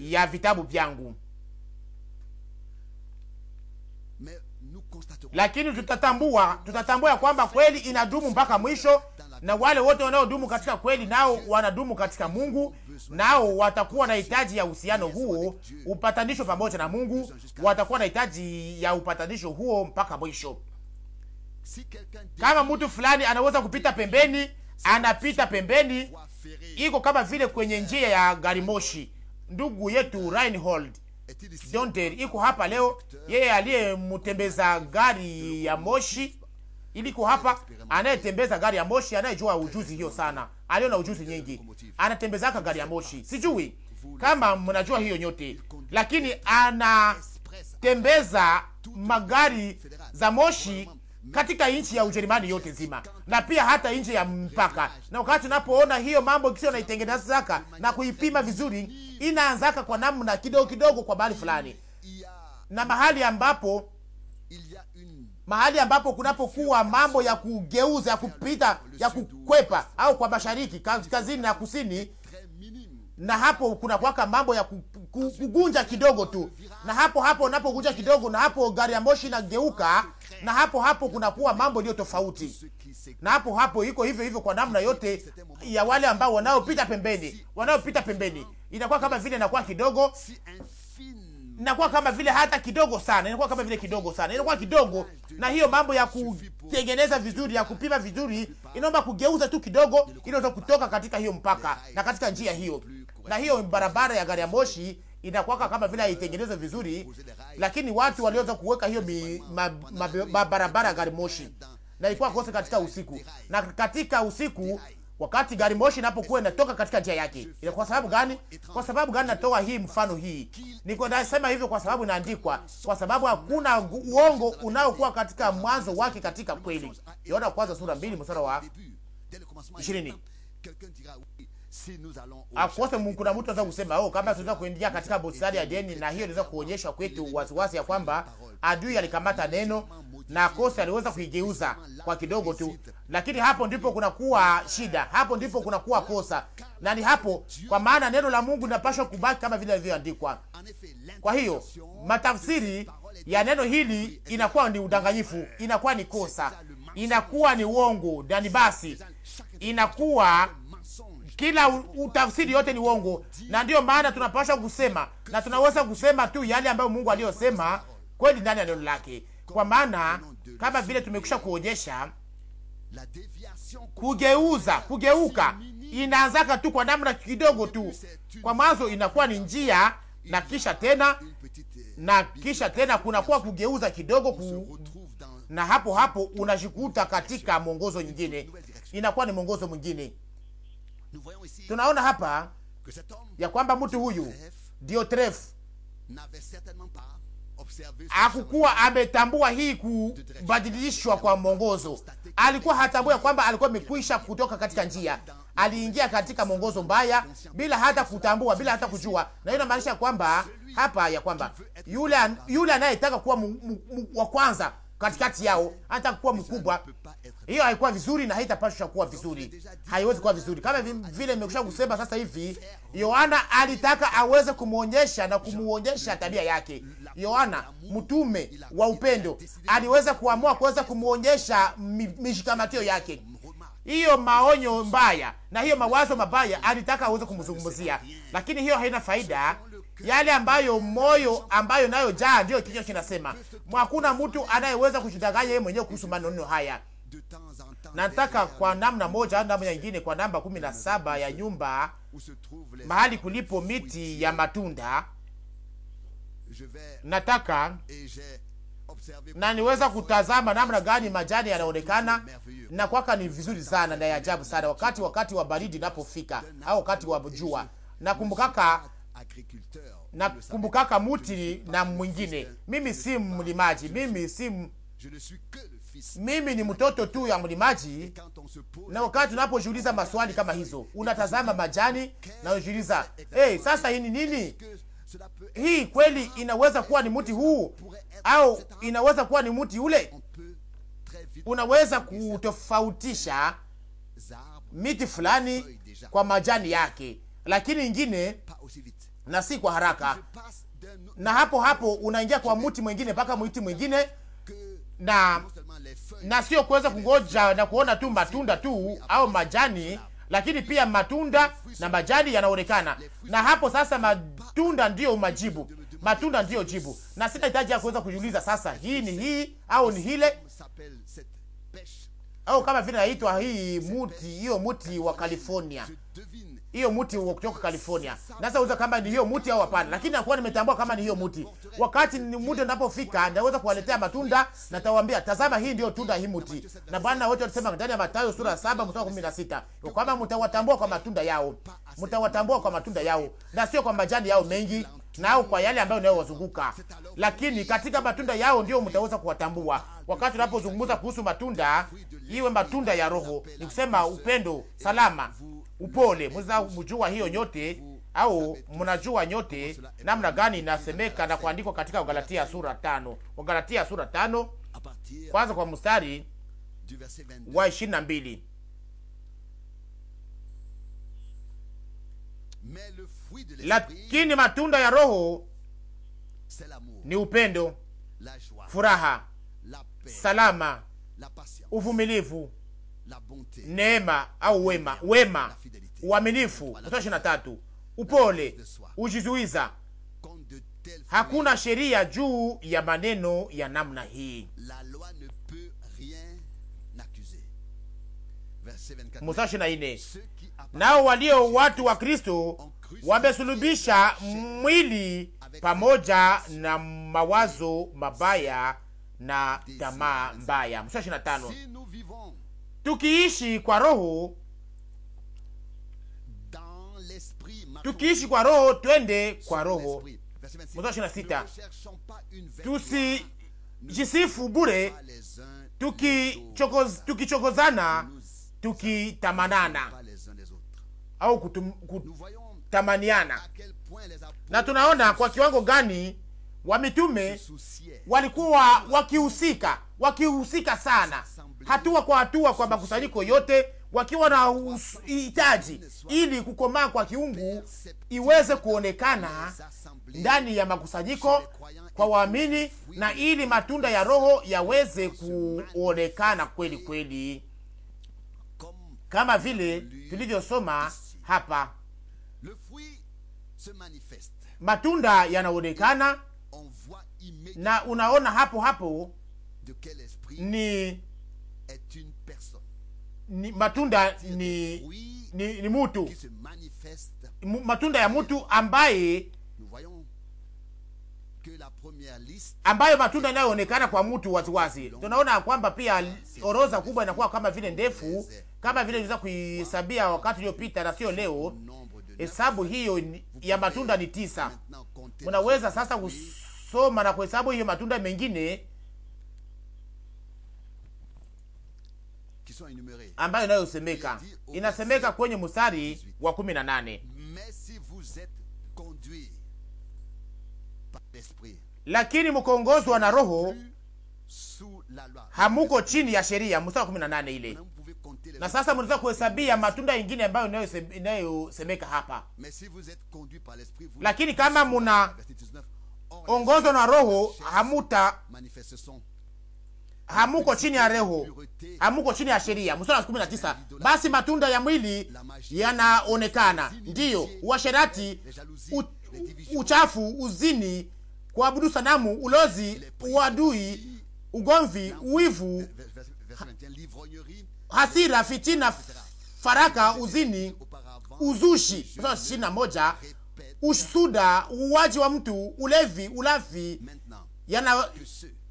ya vitabu vyangu lakini tutatambua, tutatambua ya kwamba kweli inadumu mpaka mwisho, na wale wote wanaodumu katika kweli nao wanadumu katika Mungu, nao watakuwa na hitaji ya uhusiano huo, upatanisho pamoja na Mungu, watakuwa na hitaji ya upatanisho huo mpaka mwisho. Kama mtu fulani anaweza kupita pembeni, anapita pembeni, iko kama vile kwenye njia ya garimoshi. Ndugu yetu Reinhold John Terry iko hapa leo, yeye aliyemtembeza gari ya moshi iliko hapa, anayetembeza gari ya moshi, anayejua ujuzi hiyo sana, aliyo na ujuzi nyingi, anatembezaka gari ya moshi. Sijui kama mnajua hiyo nyote, lakini anatembeza magari za moshi katika nchi ya Ujerumani yote nzima na pia hata nje ya mpaka. Na wakati unapoona hiyo mambo kisio naitengenezaka na kuipima vizuri, inaanzaka kwa namna kidogo kidogo kwa mahali fulani, na mahali ambapo mahali ambapo kunapokuwa mambo ya kugeuza ya kupita ya kukwepa au kwa mashariki, kaskazini na kusini na hapo kuna kwaka mambo ya kugunja kidogo tu, na hapo hapo unapogunja kidogo, na hapo gari ya moshi inageuka, na hapo hapo kunakuwa mambo iliyo tofauti, na hapo hapo iko hivyo hivyo kwa namna yote ya wale ambao wanaopita pembeni, wanaopita pembeni, inakuwa kama vile inakuwa kidogo, inakuwa kama vile hata kidogo sana, inakuwa kama vile kidogo sana, inakuwa kidogo. Na hiyo mambo ya kutengeneza vizuri, ya kupima vizuri, inaomba kugeuza tu kidogo, ili kutoka katika hiyo mpaka na katika njia hiyo na hiyo barabara ya gari ya moshi inakwaka kama vile haitengenezwe vizuri, lakini watu waliweza kuweka hiyo mi, ma, ma, ma, barabara ya gari moshi, na ilikuwa kose katika usiku, na katika usiku wakati gari moshi inapokuwa inatoka katika njia yake. kwa sababu gani? Kwa sababu gani natoa hii mfano hii? Niko nasema hivyo kwa sababu inaandikwa, kwa sababu hakuna uongo unaokuwa katika mwanzo wake katika kweli. Yohana kwanza sura mbili mstari wa ishirini akose kuna mtu anaweza kusema oh, kama tunaweza kuingia katika bustani ya deni, na hiyo inaweza kuonyeshwa kwetu waziwazi ya kwamba adui alikamata neno na akose aliweza kuigeuza kwa kidogo tu, lakini hapo ndipo kuna kuwa shida, hapo ndipo kuna kuwa kosa, na ni hapo, kwa maana neno la Mungu linapaswa kubaki kama vile ilivyoandikwa. Kwa hiyo matafsiri ya neno hili inakuwa ni udanganyifu, inakuwa ni kosa, inakuwa ni uongo, na basi inakuwa kila utafsiri yote ni uongo, na ndiyo maana tunapaswa kusema na tunaweza kusema tu yale ambayo Mungu aliyosema kweli ndani ya neno lake, kwa maana kama vile tumekwisha kuonyesha, kugeuza kugeuka inaanzaka tu kwa namna kidogo tu. Kwa mwanzo inakuwa ni njia, na kisha tena na kisha tena kunakuwa kugeuza kidogo ku, na hapo hapo unajikuta katika mwongozo nyingine, inakuwa ni mwongozo mwingine Tunaona hapa ya kwamba mtu huyu Diotref hakukuwa ametambua hii kubadilishwa kwa mwongozo. Alikuwa hatambua kwamba alikuwa amekwisha kutoka katika njia, aliingia katika mwongozo mbaya bila hata kutambua, bila hata kujua. Na hiyo inamaanisha kwamba hapa ya kwamba yule yule anayetaka kuwa wa kwanza katikati yao, hata kuwa mkubwa. Hiyo haikuwa vizuri na haitapaswa kuwa vizuri, haiwezi kuwa vizuri. Kama vile nimekwisha kusema sasa hivi, Yohana alitaka aweze kumwonyesha na kumuonyesha tabia yake. Yohana mtume wa upendo aliweza kuamua kuweza kumwonyesha mishikamatio yake, hiyo maonyo mbaya na hiyo mawazo mabaya, alitaka aweze kumzungumzia, lakini hiyo haina faida yale ambayo moyo ambayo nayo jaa, ndiyo kicho kinasema. Hakuna mtu anayeweza kujidanganya yeye mwenyewe kuhusu maneno haya. Nataka kwa namna moja au namna nyingine, kwa namba kumi na saba ya nyumba mahali kulipo miti ya matunda, nataka na niweza kutazama namna gani majani yanaonekana, na kwaka ni vizuri sana na ajabu sana, wakati wakati wa baridi napofika au wakati wa jua. Nakumbukaka nakumbukaka muti na mwingine. Mimi si mlimaji, mimi si mimi ni mtoto tu ya mlimaji. Na wakati unapojiuliza maswali kama hizo, unatazama majani na unajiuliza hey, sasa hii ni nini? Hii kweli inaweza kuwa ni mti huu au inaweza kuwa ni mti ule. Unaweza kutofautisha miti fulani kwa majani yake, lakini ingine na si kwa haraka, na hapo hapo unaingia kwa mti mwingine mpaka mti mwingine, na na sio kuweza kungoja na kuona tu matunda tu au majani, lakini pia matunda na majani yanaonekana. Na hapo sasa matunda ndiyo majibu, matunda ndiyo jibu, na sina hitaji ya kuweza kujiuliza sasa hii ni hii au ni hile au kama vile naitwa hii muti, hiyo muti wa California hiyo muti wa kutoka California. Sasa uza kama ni hiyo muti au hapana, lakini nakuwa nimetambua kama ni hiyo muti. Wakati ni mti unapofika, ndaweza kuwaletea matunda na tawaambia, tazama, hii ndio tunda hii muti. Na Bwana wote walisema ndani ya Mathayo sura 7 mstari 16, kwamba mtawatambua kwa matunda yao, mtawatambua kwa matunda yao na sio kwa majani yao mengi nao kwa yale ambayo nayo wazunguka, lakini katika matunda yao ndio mtaweza kuwatambua. Wakati unapozungumza kuhusu matunda, iwe matunda ya Roho, nikusema upendo, salama, upole. Mweza kujua hiyo nyote, au mnajua nyote namna gani inasemeka na kuandikwa katika Wagalatia sura tano, Wagalatia sura tano kwanza kwa mstari wa ishirini na mbili. Lakini matunda ya Roho ni upendo, furaha, salama, uvumilivu neema au wema, wema, uaminifu, tatu, upole, ujizuiza. Hakuna sheria juu ya maneno ya namna hii. ine nao walio watu wa Kristo wamesulubisha mwili pamoja na mawazo mabaya na tamaa mbaya. Musashi tano tukiishi kwa roho, tukiishi kwa roho, twende kwa roho. Tusijisifu bure, tukichokozana, tukitamanana au kutum, kutamaniana. Na tunaona kwa kiwango gani wamitume walikuwa wakihusika wakihusika sana hatua kwa hatua kwa makusanyiko yote, wakiwa na hitaji ili kukomaa kwa kiungu iweze kuonekana ndani ya makusanyiko kwa waamini, na ili matunda ya Roho yaweze kuonekana kweli kweli, kama vile tulivyosoma hapa, matunda yanaonekana, na unaona hapo hapo ni ni matunda ni, ni, ni mutu matunda ya mutu ambaye ambayo matunda inayoonekana kwa mtu waziwazi. Tunaona kwamba pia orodha kubwa inakuwa kama vile ndefu, kama vile iliweza kuihesabia wakati uliopita na sio leo. Hesabu hiyo ya matunda ni tisa. unaweza sasa kusoma na kuhesabu hiyo matunda mengine ambayo inayosemeka inasemeka kwenye mstari wa kumi na nane lakini mkongozwa na Roho hamuko chini ya sheria. Mstari wa kumi na nane ile. Na sasa mnaweza kuhesabia matunda ingine ambayo inayosemeka hapa, lakini kama munaongozwa ongozwa na Roho hamuta hamuko chini ya roho, hamuko chini ya sheria. Mstari wa 19, basi matunda ya mwili yanaonekana ndiyo uasherati, uchafu, uzini, kuabudu sanamu, ulozi, uadui, ugomvi, uwivu, hasira, fitina, faraka, uzini, uzushi. Ishirini na moja, usuda, uuaji wa mtu, ulevi, ulafi yana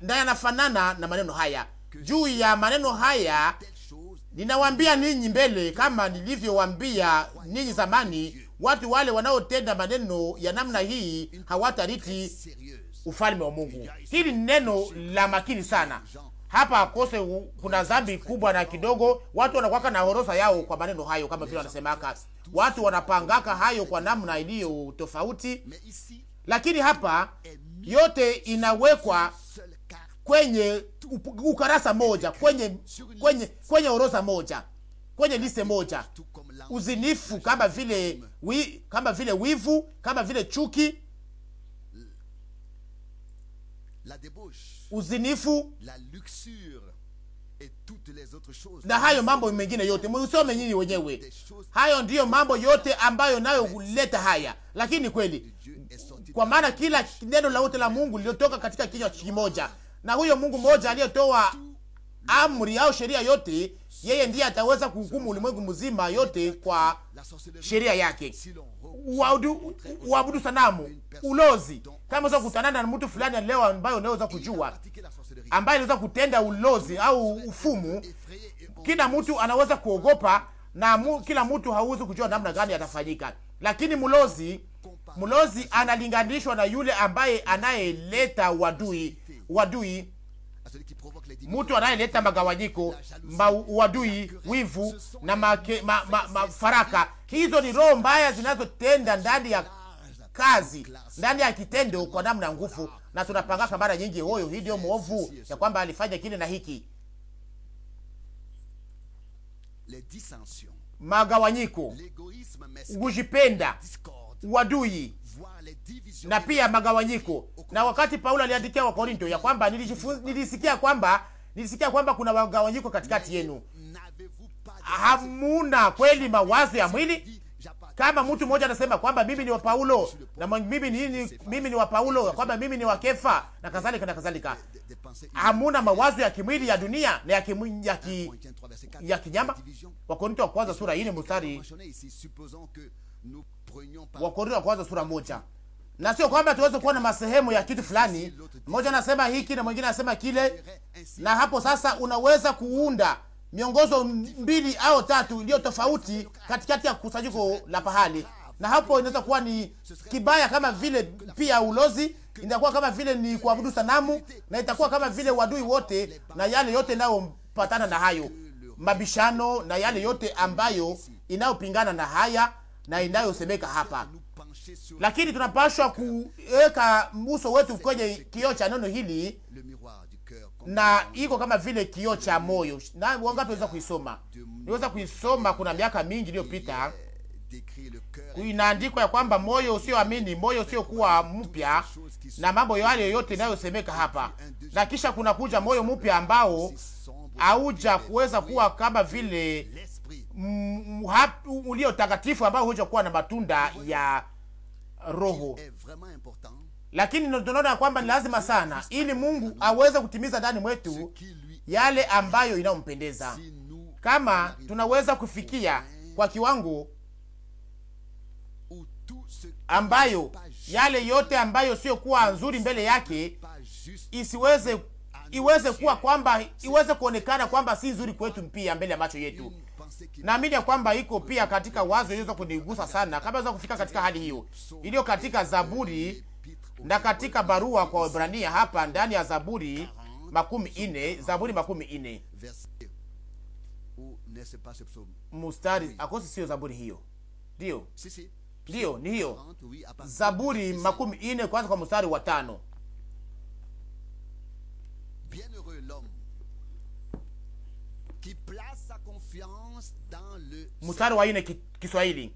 naye yanafanana na maneno haya. Juu ya maneno haya ninawambia ninyi mbele, kama nilivyowambia ninyi zamani, watu wale wanaotenda maneno ya namna hii hawatariti ufalme wa Mungu. Hili ni neno la makini sana. Hapa kose kuna dhambi kubwa na kidogo. Watu wanakwaka na horosa yao kwa maneno hayo, kama vile wanasemaka, watu wanapangaka hayo kwa namna iliyo tofauti, lakini hapa yote inawekwa kwenye ukarasa moja, kwenye kwenye kwenye orodha moja, kwenye liste moja, uzinifu kama vile wi, kama vile wivu, kama vile chuki, uzinifu na hayo mambo mengine yote usome nyinyi wenyewe. Hayo ndiyo mambo yote ambayo nayo huleta haya, lakini kweli, kwa maana kila neno la wote la Mungu liliotoka katika kinywa kimoja na huyo Mungu mmoja aliyetoa amri au sheria yote, yeye ndiye ataweza kuhukumu ulimwengu mzima yote kwa sheria yake. Uabudu sanamu, ulozi, kama unaweza kutanana na mtu fulani leo ambaye unaweza kujua, ambaye anaweza kutenda ulozi au ufumu, kila mtu anaweza kuogopa na mu, kila mtu hauwezi kujua namna gani atafanyika, lakini mlozi mlozi analinganishwa na yule ambaye anayeleta uadui wadui mtu anayeleta magawanyiko, uadui, wivu na make, ma, ma, ma, Hizo ni roho mbaya zinazotenda ndani ya kazi ndani ya kitendo kwa namna ya nguvu, na tunapangaka mara nyingi hoyo hii ndio mwovu ya kwamba alifanya kile na hiki, magawanyiko, kujipenda wadui na pia magawanyiko. Na wakati Paulo aliandikia wa Korinto ya kwamba nilisikia kwamba nilisikia kwamba kuna magawanyiko katikati yenu, hamuna kweli mawazo ya mwili. Kama mtu mmoja anasema kwamba mimi ni wa Paulo na mimi ni nini, mimi ni wa Paulo, kwamba mimi ni wa Kefa na kadhalika na kadhalika, hamuna mawazo ya kimwili ya dunia na ya kimwili ya, ki, ya kinyama. Wakorinto wa kwanza sura 4 mstari Wakorintho wa kwanza sura moja, na sio kwamba tuweze kuwa na masehemu ya kitu fulani. Mmoja anasema hiki na mwingine anasema kile, na hapo sasa unaweza kuunda miongozo mbili au tatu iliyo tofauti katikati ya kusanyiko la pahali, na hapo inaweza kuwa ni kibaya kama vile pia ulozi, inakuwa kama vile ni kuabudu sanamu, na itakuwa kama vile wadui wote na yale yote inayopatana na hayo mabishano na yale yote ambayo inayopingana na haya na inayosemeka hapa, lakini tunapashwa kuweka uso wetu kwenye kioo cha neno hili, na iko kama vile kioo cha moyo. Na wangapi waweza kuisoma? Niweza kuisoma kuna miaka mingi iliyopita. Inaandikwa ya kwamba moyo usioamini, moyo usiokuwa mpya na mambo yale yote inayosemeka hapa, na kisha kuna kuja moyo mpya ambao auja kuweza kuwa kama vile ulio takatifu ambao huweza kuwa na matunda ya Roho. Lakini tunaona kwamba ni lazima sana, ili Mungu aweze kutimiza ndani mwetu yale ambayo inayompendeza. Kama tunaweza kufikia kwa kiwango ambayo yale yote ambayo sio kuwa nzuri mbele yake isiweze iweze kuwa kwamba iweze kuonekana kwamba si nzuri kwetu pia mbele ya macho yetu. Naamini ya kwamba iko pia katika wazo iliweza kunigusa sana, kabla weza kufika katika hali hiyo iliyo katika Zaburi na katika barua kwa Waebrania hapa ndani ya Zaburi makumi ine Zaburi makumi ine mustari akosi, sio Zaburi hiyo, ndio ndio, ni hiyo Zaburi makumi ine kwanza kwa mstari wa tano. mstari wa ine Kiswahili.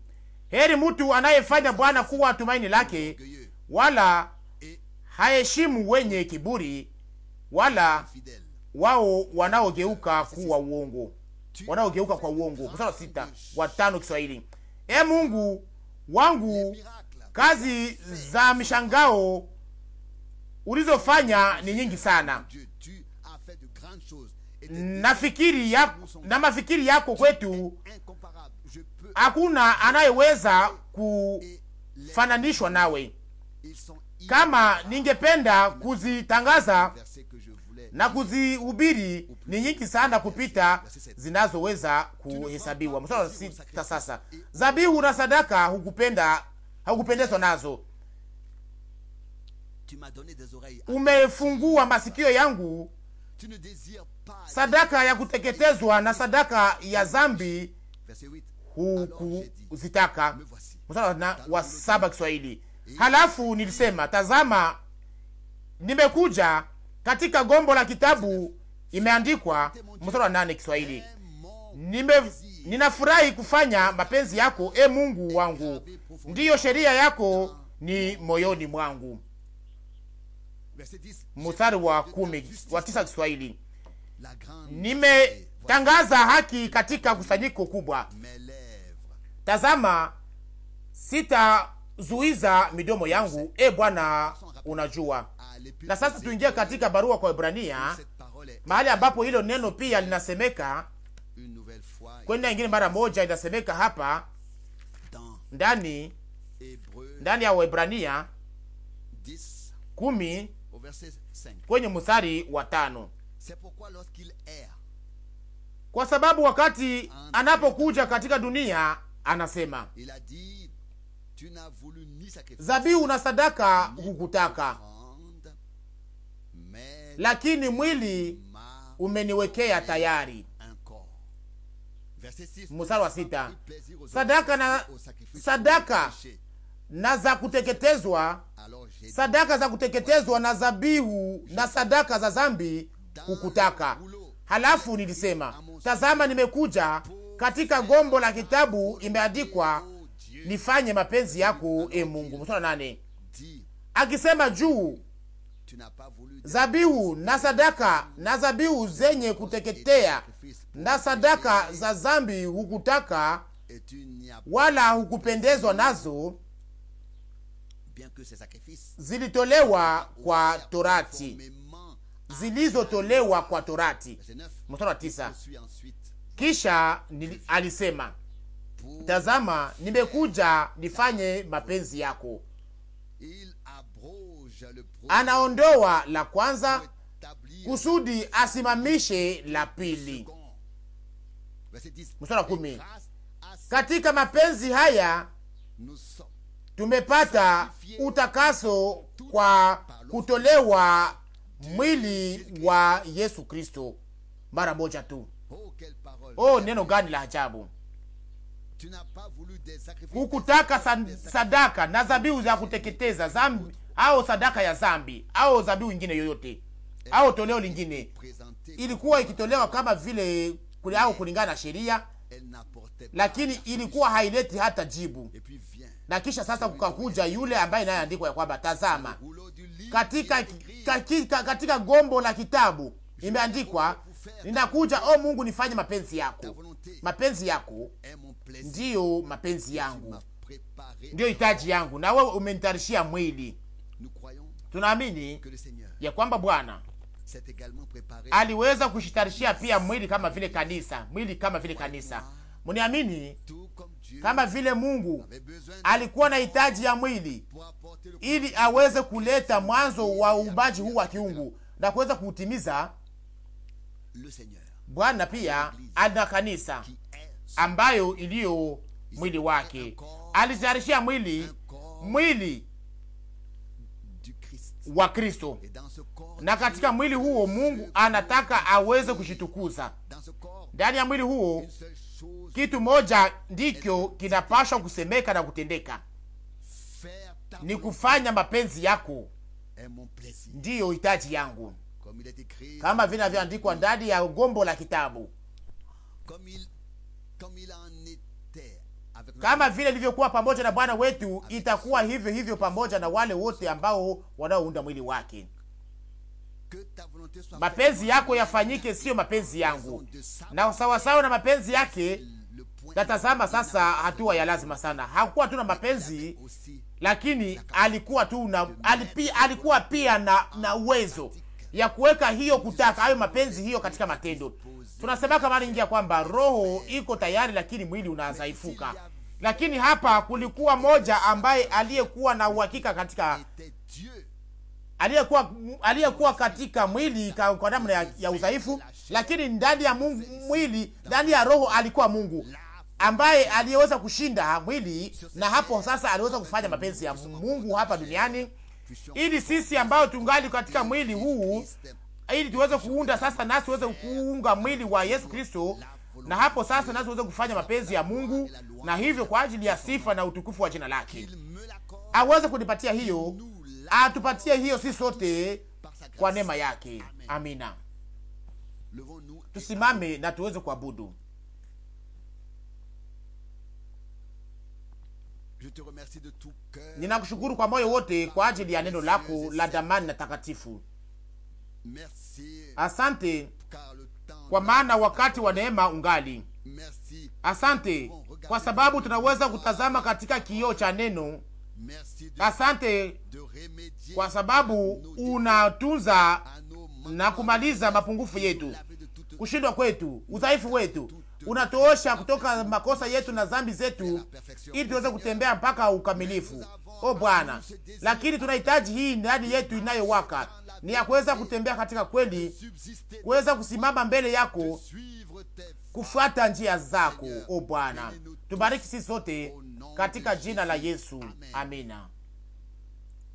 Heri mtu anayefanya Bwana kuwa tumaini lake, wala haheshimu wenye kiburi, wala wao wanaogeuka kuwa uongo, wanaogeuka kwa uongo. Mstari wa sita wa tano Kiswahili. E Mungu wangu, kazi za mishangao ulizofanya ni nyingi sana Nafikiri yako, na mafikiri yako kwetu hakuna anayeweza kufananishwa nawe. Kama ningependa kuzitangaza na kuzihubiri, ni nyingi sana kupita zinazoweza kuhesabiwa. Mstari sita sasa, zabihu na sadaka hukupenda haukupendezwa nazo, umefungua masikio yangu sadaka ya kuteketezwa na sadaka ya zambi hukuzitaka. Mstari wa saba Kiswahili. Halafu nilisema tazama, nimekuja katika gombo la kitabu imeandikwa. Mstari wa nane Kiswahili. Nime, ninafurahi kufanya mapenzi yako e Mungu wangu, ndiyo sheria yako ni moyoni mwangu. Mstari wa kumi, wa tisa Kiswahili. Nimetangaza haki katika kusanyiko kubwa, Tazama, sitazuiza midomo yangu, e Bwana unajua. Na sasa tuingia katika barua kwa Ibrania, mahali ambapo hilo neno pia linasemeka kwenda ingine mara moja, inasemeka hapa ndani ndani ya Waebrania kumi kwenye mstari wa tano kwa sababu wakati anapokuja katika dunia anasema zabihu na sadaka hukutaka, lakini mwili umeniwekea tayari. Mstari wa sita, sadaka na sadaka na za kuteketezwa, sadaka za kuteketezwa na zabihu na sadaka za zambi hukutaka. Halafu nilisema, tazama, nimekuja katika gombo la kitabu imeandikwa nifanye mapenzi yako e Mungu. Mstari nane akisema juu zabihu na sadaka na zabihu zenye kuteketea na sadaka za zambi hukutaka, wala hukupendezwa nazo, zilitolewa kwa torati, zilizotolewa kwa torati. Mstari wa tisa kisha nili, alisema tazama, nimekuja nifanye mapenzi yako. Anaondoa la kwanza kusudi asimamishe la pili. Mstari kumi, katika mapenzi haya tumepata utakaso kwa kutolewa mwili wa Yesu Kristo mara moja tu. Oh, neno gani la ajabu! Hukutaka sadaka na zabihu za kuteketeza zambi, au sadaka ya zambi au zabihu ingine yoyote au toleo lingine, ilikuwa ikitolewa kama vile kule au kulingana na sheria, lakini ilikuwa haileti hata jibu. Na kisha sasa kukakuja yule ambaye inayeandikwa ya kwamba tazama, katika katika, katika gombo la kitabu imeandikwa ninakuja. O oh, Mungu, nifanye mapenzi yako. Mapenzi yako ndiyo mapenzi yangu, ndiyo hitaji yangu, na wewe umenitarishia mwili. Tunaamini ya kwamba Bwana aliweza kushitarishia pia mwili kama vile kanisa, mwili kama vile kanisa. Mniamini, kama vile Mungu alikuwa na hitaji ya mwili ili aweze kuleta mwanzo wa uumbaji huu wa kiungu na kuweza kuutimiza Bwana pia ana kanisa ambayo iliyo mwili wake, alizarishia mwili mwili wa Kristo, na katika mwili huo Mungu anataka aweze kushitukuza. Ndani ya mwili huo kitu moja ndicho kinapashwa kusemeka na kutendeka, ni kufanya mapenzi yako, ndiyo hitaji yangu kama vile vinavyoandikwa ndani ya gombo la kitabu, kama vile ilivyokuwa pamoja na Bwana wetu, itakuwa hivyo hivyo pamoja na wale wote ambao wanaounda mwili wake. Mapenzi yako yafanyike, siyo mapenzi yangu, na sawasawa na mapenzi yake. Natazama sasa hatua ya lazima sana. Hakuwa tu na mapenzi, lakini alikuwa tu na, alipi, alikuwa pia na, na uwezo ya kuweka hiyo kutaka hayo mapenzi hiyo katika matendo. Tunasema kama nyingi ya kwamba roho iko tayari, lakini mwili unazaifuka. Lakini hapa kulikuwa moja ambaye aliyekuwa na uhakika katika aliyekuwa aliyekuwa katika mwili kwa namna ya, ya udhaifu, lakini ndani ya Mungu, mwili ndani ya roho alikuwa Mungu ambaye aliyeweza kushinda mwili, na hapo sasa aliweza kufanya mapenzi ya Mungu hapa duniani ili sisi ambao tungali katika mwili huu, ili tuweze kuunda sasa, nasi tuweze kuunga mwili wa Yesu Kristo, na hapo sasa nasi tuweze kufanya mapenzi ya Mungu, na hivyo kwa ajili ya sifa na utukufu wa jina lake aweze kunipatia hiyo, atupatie hiyo, sisi sote kwa neema yake. Amina. Tusimame na tuweze kuabudu. Ninakushukuru kwa moyo wote kwa ajili ya neno lako la damani na takatifu. Asante kwa maana wakati wa neema ungali. Asante kwa sababu tunaweza kutazama katika kioo cha neno. Asante kwa sababu unatunza na kumaliza mapungufu yetu, kushindwa kwetu, udhaifu wetu, unatuosha kutoka makosa yetu na dhambi zetu, ili tuweze kutembea mpaka ukamilifu. O Bwana, lakini tunahitaji hii ndani yetu inayowaka ni ya kuweza kutembea katika kweli, kuweza kusimama mbele yako, kufuata njia zako. O Bwana, tubariki sisi sote katika jina la Yesu, amina.